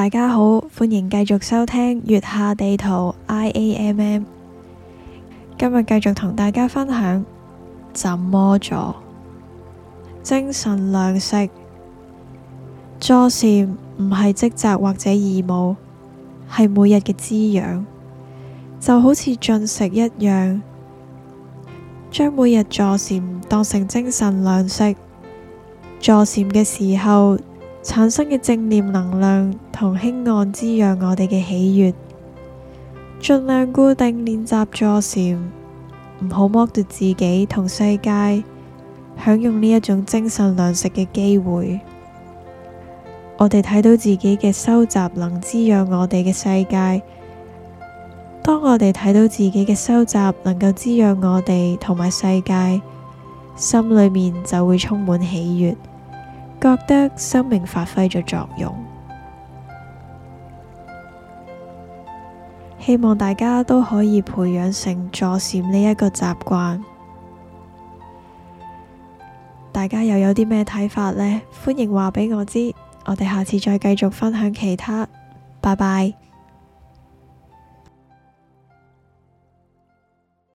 大家好，歡迎繼續收聽《月下地圖 i a m m》。今日繼續同大家分享，怎麼坐精神糧食坐禪唔係職責或者義務，係每日嘅滋養，就好似進食一樣，將每日坐禪當成精神糧食。坐禪嘅時候產生嘅正念能量。同輕安滋養我哋嘅喜悦，盡量固定練習坐禪，唔好剝奪自己同世界享用呢一種精神糧食嘅機會。我哋睇到自己嘅修習能滋養我哋嘅世界，當我哋睇到自己嘅修習能夠滋養我哋同埋世界，心裏面就會充滿喜悦，覺得生命發揮咗作用。希望大家都可以培養成坐禪呢一個習慣。大家又有啲咩睇法呢？歡迎話畀我知。我哋下次再繼續分享其他。拜拜。